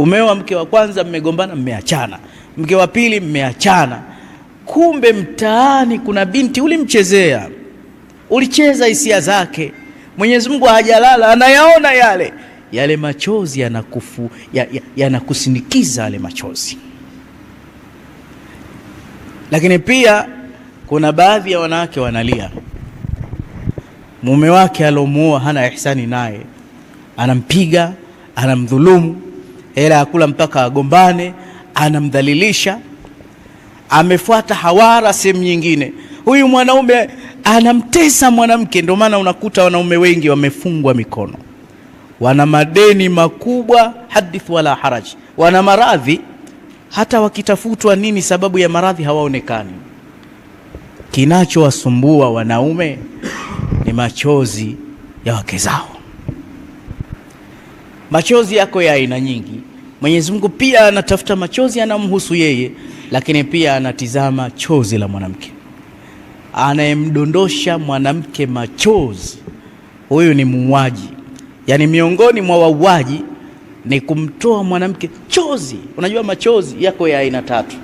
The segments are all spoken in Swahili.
Umeoa mke wa kwanza, mmegombana, mmeachana, mke wa pili, mmeachana. Kumbe mtaani kuna binti ulimchezea, ulicheza hisia zake. Mwenyezi Mungu hajalala, anayaona yale yale machozi, yanakufu yanakusindikiza ya, ya yale machozi. Lakini pia kuna baadhi ya wanawake wanalia, mume wake alomuoa hana ihsani naye, anampiga anamdhulumu hela ya kula mpaka agombane, anamdhalilisha. Amefuata hawara sehemu nyingine, huyu mwanaume anamtesa mwanamke. Ndio maana unakuta wanaume wengi wamefungwa mikono, wana madeni makubwa, hadith wala haraj, wana maradhi hata wakitafutwa nini sababu ya maradhi hawaonekani. Kinachowasumbua wanaume ni machozi ya wake zao. Machozi yako ya aina nyingi, Mwenyezi Mungu pia anatafuta machozi anamhusu yeye, lakini pia anatizama chozi la mwanamke. Anayemdondosha mwanamke machozi huyu ni muuaji, yaani miongoni mwa wauaji ni kumtoa mwanamke chozi. Unajua, machozi yako ya aina tatu.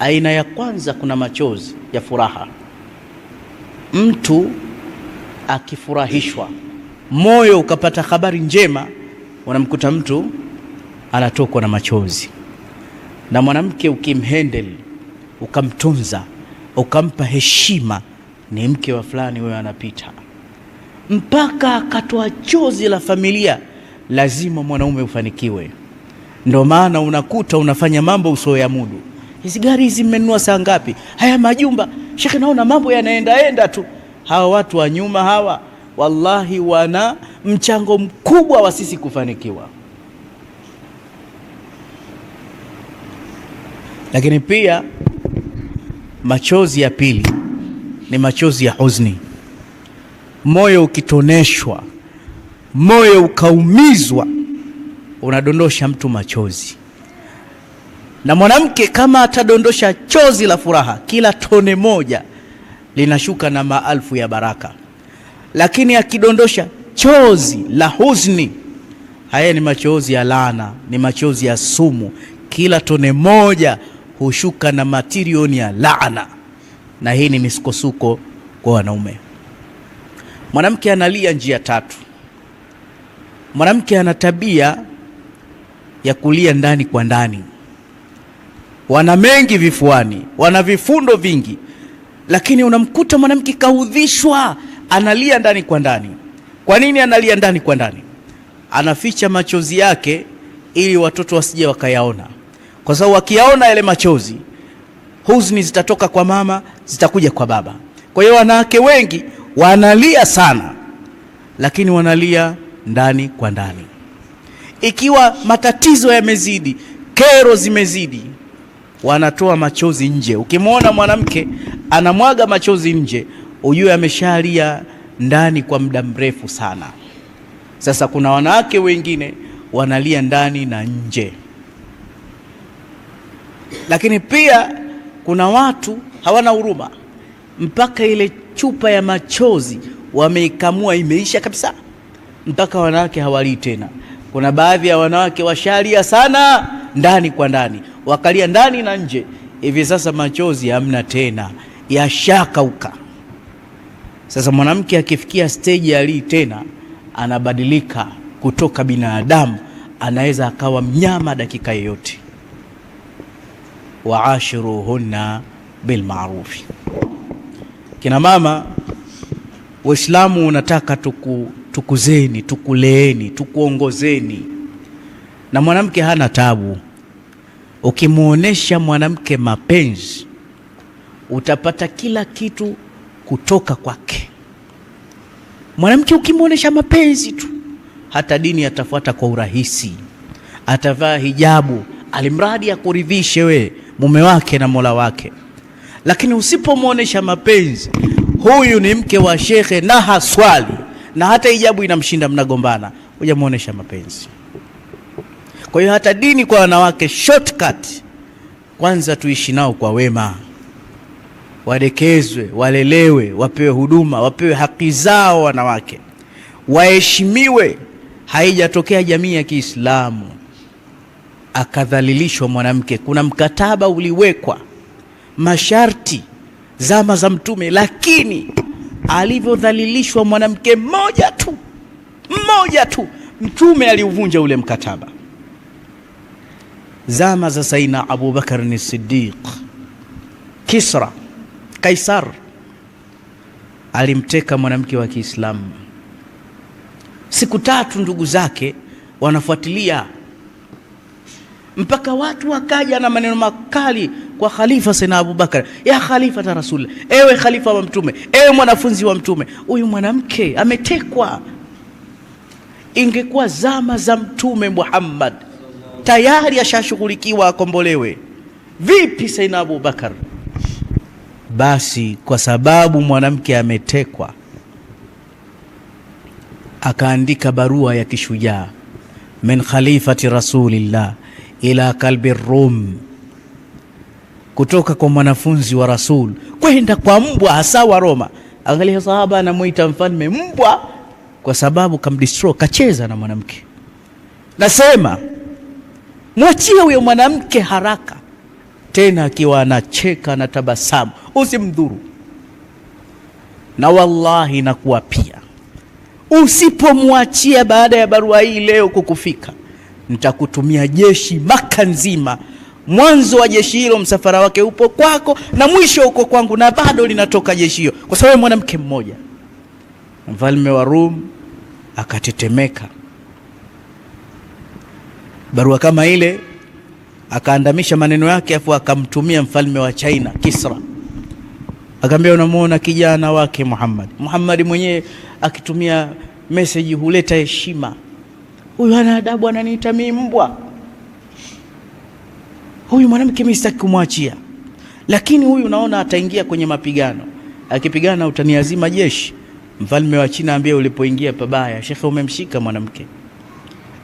Aina ya kwanza, kuna machozi ya furaha, mtu akifurahishwa, moyo ukapata habari njema, unamkuta mtu anatokwa na machozi. Na mwanamke ukimhendeli, ukamtunza, ukampa heshima, ni mke wa fulani, wewe anapita mpaka akatoa chozi la familia. Lazima mwanaume ufanikiwe. Ndo maana unakuta unafanya mambo usioyamudu. Hizi gari hizi mmenunua saa ngapi? Haya majumba shekhe, naona mambo yanaendaenda tu. Hawa watu wa nyuma hawa, wallahi, wana mchango mkubwa wa sisi kufanikiwa. Lakini pia machozi ya pili ni machozi ya huzuni, moyo ukitoneshwa, moyo ukaumizwa, unadondosha mtu machozi. Na mwanamke kama atadondosha chozi la furaha, kila tone moja linashuka na maelfu ya baraka, lakini akidondosha chozi la huzuni, haya ni machozi ya laana, ni machozi ya sumu, kila tone moja hushuka na matirioni ya laana, na hii ni misukosuko kwa wanaume. Mwanamke analia njia tatu. Mwanamke ana tabia ya kulia ndani kwa ndani. Wana mengi vifuani, wana vifundo vingi, lakini unamkuta mwanamke kaudhishwa, analia ndani kwa ndani. Kwa nini analia ndani kwa ndani? Anaficha machozi yake ili watoto wasije wakayaona kwa sababu wakiyaona yale machozi, huzuni zitatoka kwa mama, zitakuja kwa baba. Kwa hiyo wanawake wengi wanalia sana, lakini wanalia ndani kwa ndani. Ikiwa matatizo yamezidi, kero zimezidi, wanatoa machozi nje. Ukimwona mwanamke anamwaga machozi nje, ujue ameshalia ndani kwa muda mrefu sana. Sasa kuna wanawake wengine wanalia ndani na nje. Lakini pia kuna watu hawana huruma, mpaka ile chupa ya machozi wameikamua imeisha kabisa, mpaka wanawake hawalii tena. Kuna baadhi ya wanawake washalia sana ndani kwa ndani, wakalia ndani na nje, hivi sasa machozi hamna tena, yashakauka. Sasa mwanamke akifikia steji alii tena, anabadilika kutoka binadamu, anaweza akawa mnyama dakika yoyote wa ashiruhunna bilmarufi. Kina mama Waislamu, unataka tuku, tukuzeni tukuleeni tukuongozeni, na mwanamke hana tabu. Ukimwonyesha mwanamke mapenzi utapata kila kitu kutoka kwake. Mwanamke ukimwonyesha mapenzi tu, hata dini atafuata kwa urahisi, atavaa hijabu, alimradi akuridhishe wewe mume wake na Mola wake. Lakini usipomwonyesha mapenzi, huyu ni mke wa shekhe na haswali na hata ijabu inamshinda, mnagombana, hujamwonesha mapenzi. Kwa hiyo hata dini kwa wanawake shortcut, kwanza tuishi nao kwa wema, wadekezwe, walelewe, wapewe huduma, wapewe haki zao, wanawake waheshimiwe. Haijatokea jamii ya Kiislamu akadhalilishwa mwanamke. Kuna mkataba uliwekwa, masharti zama za Mtume, lakini alivyodhalilishwa mwanamke mmoja tu mmoja tu, Mtume aliuvunja ule mkataba. Zama za Saina Abubakar ni Siddiq, Kisra Kaisar alimteka mwanamke wa Kiislamu. Siku tatu ndugu zake wanafuatilia mpaka watu wakaja na maneno makali kwa khalifa abu Abubakar, ya ta rasul, ewe khalifa wa Mtume, ewe mwanafunzi wa Mtume, huyu mwanamke ametekwa. Ingekuwa zama za Mtume Muhammad tayari ashashughulikiwa akombolewe, vipi abu Abubakar? Basi kwa sababu mwanamke ametekwa, akaandika barua ya kishujaa min khalifati rasulillah ila kalbi rum, kutoka kwa mwanafunzi wa Rasul kwenda kwa mbwa hasa wa Roma. Angalia, sahaba anamwita mfalme mbwa kwa sababu kamdistro, kacheza na mwanamke. Nasema mwachie huyo mwanamke haraka, tena akiwa anacheka na tabasamu, usimdhuru. Na wallahi nakuwa pia, usipomwachia baada ya barua hii leo kukufika nitakutumia jeshi Maka nzima. Mwanzo wa jeshi hilo msafara wake upo kwako na mwisho uko kwangu, na bado linatoka jeshi hiyo, kwa sababu mwanamke mmoja. Mfalme wa Rum akatetemeka. Barua kama ile akaandamisha maneno yake, afu akamtumia mfalme wa China Kisra, akaambia unamwona kijana wake Muhammad. Muhammad mwenyewe akitumia message huleta heshima huyu ana adabu, ananiita mimi mbwa. Huyu mwanamke mimi sitaki kumwachia, lakini huyu naona ataingia kwenye mapigano, akipigana utaniazima jeshi. Mfalme wa China ambaye ulipoingia pabaya, shekhe, umemshika mwanamke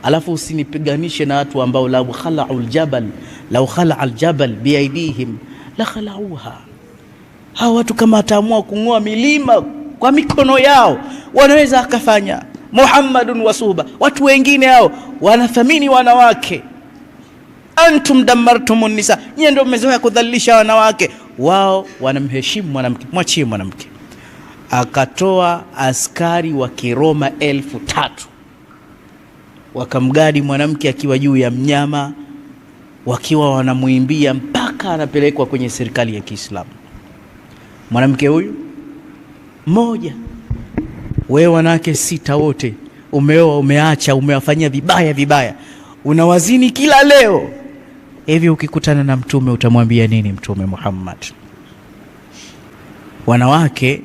alafu usinipiganishe na watu ambao lau khalau ljabal lau khalaa ljabal biaidihim la khalauha. Hawa watu kama ataamua kung'oa milima kwa mikono yao wanaweza akafanya. Muhammadun wasuba. Watu wengine hao wanathamini wanawake. Antum damartumun nisa, nyie ndio mmezoea kudhalilisha wanawake. Wao wanamheshimu mwanamke, mwachie mwanamke. Akatoa askari wa Kiroma elfu tatu wakamgadi mwanamke akiwa juu ya mnyama, wakiwa wanamwimbia mpaka anapelekwa kwenye serikali ya Kiislamu. Mwanamke huyu mmoja wewe wanawake sita wote umeoa, umeacha, umewafanyia vibaya vibaya, unawazini kila leo hivi, ukikutana na mtume utamwambia nini Mtume Muhammad? Wanawake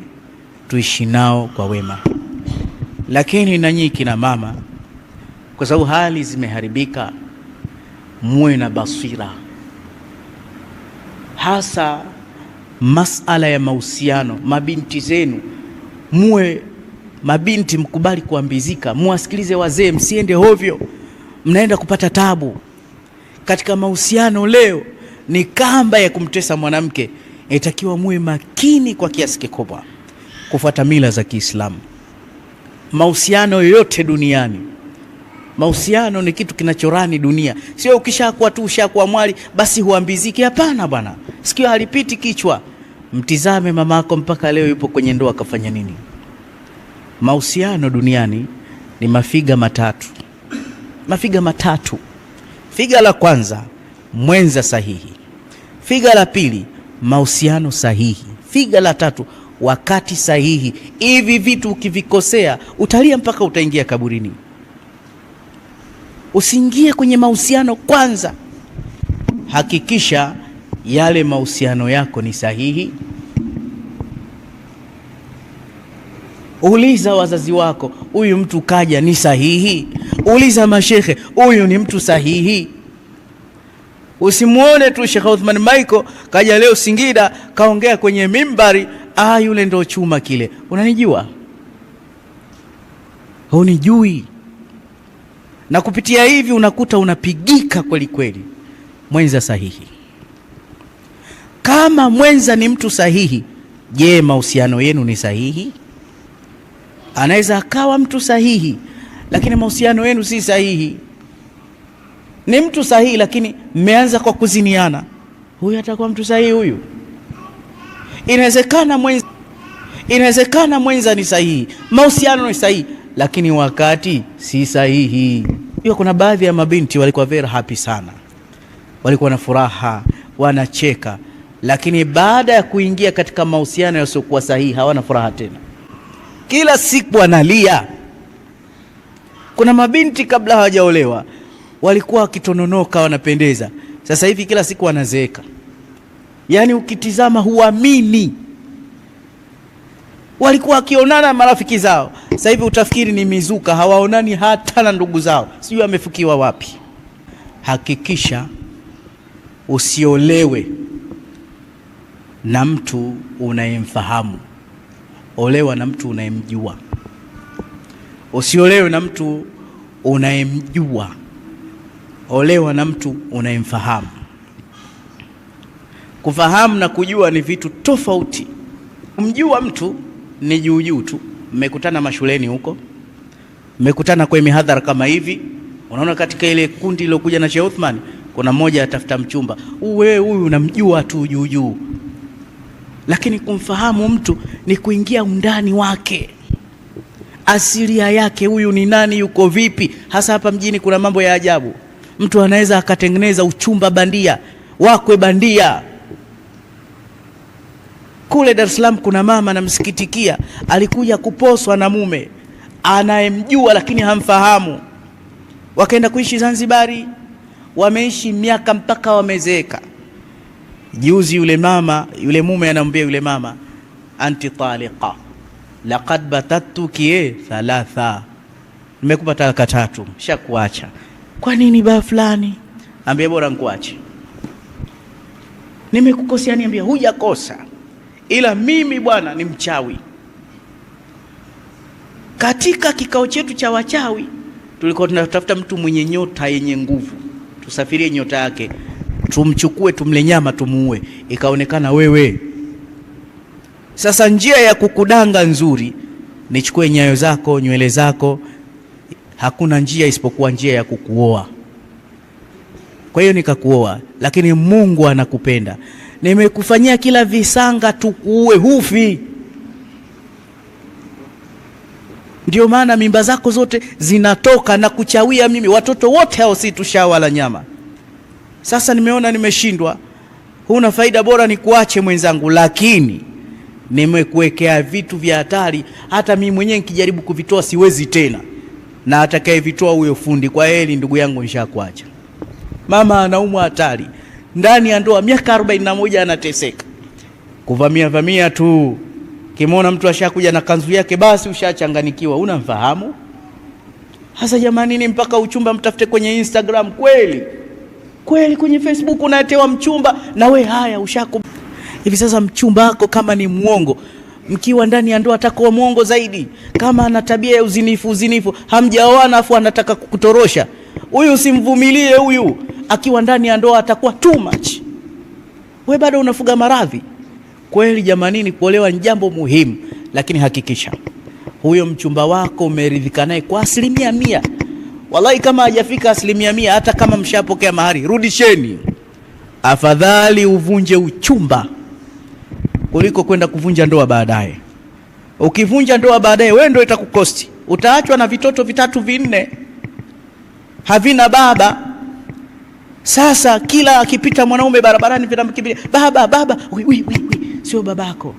tuishi nao kwa wema, lakini na nyinyi kina mama, kwa sababu hali zimeharibika, muwe na basira, hasa masala ya mahusiano. Mabinti zenu muwe Mabinti mkubali kuambizika, muwasikilize wazee, msiende hovyo, mnaenda kupata tabu. Katika mahusiano leo ni kamba ya kumtesa mwanamke, inatakiwa muwe makini kwa kiasi kikubwa kufuata mila za Kiislamu. Mahusiano yoyote duniani, mahusiano ni kitu kinachorani dunia, sio ukishakuwa tu ushakuwa mwali basi huambiziki. Hapana bwana, sikio halipiti kichwa. Mtizame mamako mpaka leo yupo kwenye ndoa, akafanya nini? mahusiano duniani ni mafiga matatu, mafiga matatu. Figa la kwanza mwenza sahihi, figa la pili mahusiano sahihi, figa la tatu wakati sahihi. Hivi vitu ukivikosea utalia mpaka utaingia kaburini. Usiingie kwenye mahusiano kwanza, hakikisha yale mahusiano yako ni sahihi Uliza wazazi wako, huyu mtu kaja ni sahihi? Uliza mashekhe, huyu ni mtu sahihi? Usimuone tu Sheikh Uthman Michael kaja leo Singida kaongea kwenye mimbari, ah, yule ndo chuma kile. Unanijua? Hunijui. Na kupitia hivi unakuta unapigika kweli kweli. Mwenza sahihi. Kama mwenza ni mtu sahihi, je, mahusiano yenu ni sahihi? anaweza akawa mtu sahihi, lakini mahusiano yenu si sahihi. Ni mtu sahihi, lakini mmeanza kwa kuziniana, huyu atakuwa mtu sahihi huyu. Inawezekana mwenza, inawezekana mwenza ni sahihi, mahusiano ni sahihi, lakini wakati si sahihi. Hiyo kuna baadhi ya mabinti walikuwa very happy sana, walikuwa na furaha, wanacheka, lakini baada ya kuingia katika mahusiano yasiokuwa sahihi hawana furaha tena kila siku analia. Kuna mabinti kabla hawajaolewa walikuwa wakitononoka, wanapendeza. Sasa hivi kila siku wanazeeka, yaani ukitizama huamini. Walikuwa wakionana marafiki zao, sasa hivi utafikiri ni mizuka, hawaonani hata na ndugu zao, sijui amefukiwa wapi. Hakikisha usiolewe na mtu unayemfahamu. Olewa na mtu unayemjua, usiolewe na mtu unayemjua. Olewa na mtu unayemfahamu. Kufahamu na kujua ni vitu tofauti. Kumjua mtu ni juu juu tu, mmekutana mashuleni huko, mmekutana kwa mihadhara kama hivi. Unaona, katika ile kundi lilokuja na Sheikh Uthman kuna mmoja atafuta mchumba, wewe huyu unamjua tu juu juu lakini kumfahamu mtu ni kuingia undani wake, asilia yake, huyu ni nani, yuko vipi. Hasa hapa mjini kuna mambo ya ajabu, mtu anaweza akatengeneza uchumba bandia, wakwe bandia. Kule Dar es Salaam kuna mama, anamsikitikia alikuja kuposwa na mume anayemjua lakini hamfahamu, wakaenda kuishi Zanzibari, wameishi miaka mpaka wamezeeka. Juzi yule mama yule mume anamwambia yule mama, anti taliqa laqad batattuki thalatha, nimekupa talaka tatu, shakuacha. Kwa nini ba fulani? Ambia bora nikuache, nimekukosea. Niambia hujakosa, ila mimi bwana ni mchawi. Katika kikao chetu cha wachawi tulikuwa tunatafuta mtu mwenye nyota yenye nguvu, tusafirie nyota yake tumchukue tumle nyama tumuue, ikaonekana wewe. Sasa njia ya kukudanga nzuri, nichukue nyayo zako, nywele zako, hakuna njia isipokuwa njia ya kukuoa. Kwa hiyo nikakuoa, lakini Mungu anakupenda, nimekufanyia kila visanga tukuue, hufi. Ndio maana mimba zako zote zinatoka na kuchawia. Mimi watoto wote hao si tushawala nyama sasa nimeona nimeshindwa, huna faida, bora nikuache mwenzangu, lakini nimekuwekea vitu vya hatari, hata mimi mwenyewe nikijaribu kuvitoa siwezi tena, na atakayevitoa huyo fundi. Kwa heli ndugu yangu, nishakuacha. Mama anaumwa hatari, ndani ya ndoa miaka na moja anateseka, kuvamia vamia tu. kimona mtu ashakuja na kanzu yake, basi ushachanganikiwa, unamfahamu hasa. Jamani, ni mpaka uchumba mtafute kwenye Instagram kweli? kweli kwenye Facebook unatewa mchumba na we, haya ushako hivi sasa. Mchumba wako kama ni mwongo, mkiwa ndani ya ndoa atakuwa mwongo zaidi. Kama ana tabia ya uzinifu, uzinifu hamjaoana, afu anataka kukutorosha, huyu simvumilie huyu. Akiwa ndani ya ndoa atakuwa too much, we bado unafuga maradhi kweli. Jamanini, kuolewa ni jambo muhimu, lakini hakikisha huyo mchumba wako umeridhika naye kwa asilimia mia, mia. Wallahi, kama hajafika asilimia mia, hata kama mshapokea mahari, rudisheni. Afadhali uvunje uchumba kuliko kwenda kuvunja ndoa baadaye. Ukivunja ndoa baadaye, wewe ndio itakukosti. Utaachwa na vitoto vitatu vinne havina baba. Sasa kila akipita mwanaume barabarani vinamkimbilia baba, baba. Ui, ui, ui, ui. Sio babako.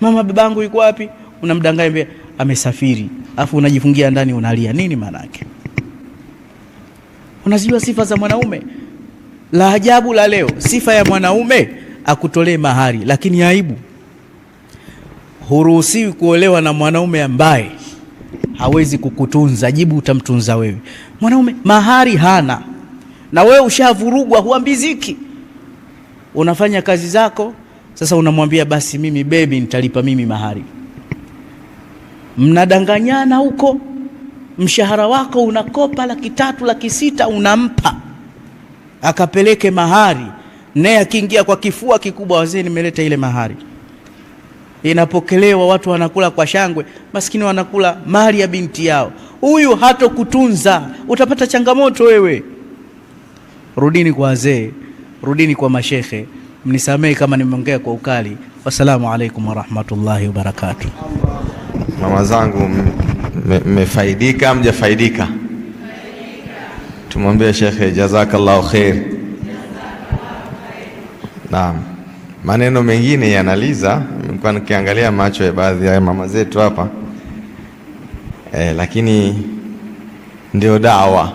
Mama, babangu yuko wapi? Unamdanganya, amesafiri. Afu unajifungia ndani, unalia nini? Maana yake Unajua sifa za mwanaume? La ajabu la leo, sifa ya mwanaume akutolee mahari, lakini aibu, huruhusiwi kuolewa na mwanaume ambaye hawezi kukutunza. Jibu utamtunza wewe. Mwanaume mahari hana, na wewe ushavurugwa, huambiziki, unafanya kazi zako. Sasa unamwambia basi, mimi bebi, nitalipa mimi mahari. Mnadanganyana huko mshahara wako unakopa laki tatu laki sita unampa akapeleke mahari, naye akiingia kwa kifua kikubwa, wazee, nimeleta ile mahari. Inapokelewa, watu wanakula kwa shangwe, maskini wanakula mali ya binti yao. Huyu hatokutunza, utapata changamoto wewe. Rudini kwa wazee, rudini kwa mashekhe. Mnisamehe kama nimeongea kwa ukali. Wassalamu alaikum warahmatullahi wabarakatuh. Mama zangu mmefaidika mjafaidika? Tumwambie shekhe jazakallahu khair. Naam, maneno mengine yanaliza. Nilikuwa nikiangalia macho ya baadhi ya mama zetu hapa e, lakini ndio dawa,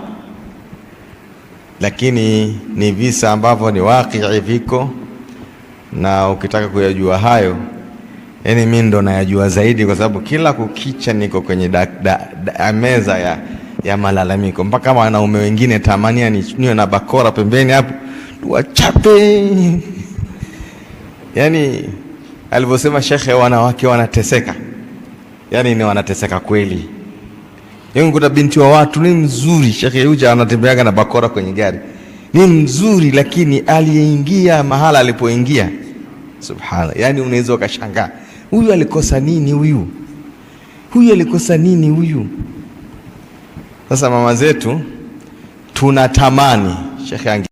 lakini ni visa ambavyo ni wakii, viko na ukitaka kuyajua hayo yaani mi ndo nayajua zaidi, kwa sababu kila kukicha niko kwenye da, da, da, meza ya, ya malalamiko. Mpaka wanaume wengine tamania yaani niwe na bakora pembeni hapo tuwachape. yani alivyosema shekhe, wanawake wanateseka, yani ni wanateseka kweli. Yaani kuta binti wa watu ni mzuri, shekhe huja anatembeaga na bakora kwenye gari, ni mzuri lakini aliyeingia mahala alipoingia, subhanallah, yani unaweza ukashangaa huyu alikosa nini huyu, huyu alikosa nini huyu? Sasa mama zetu tunatamani shekhe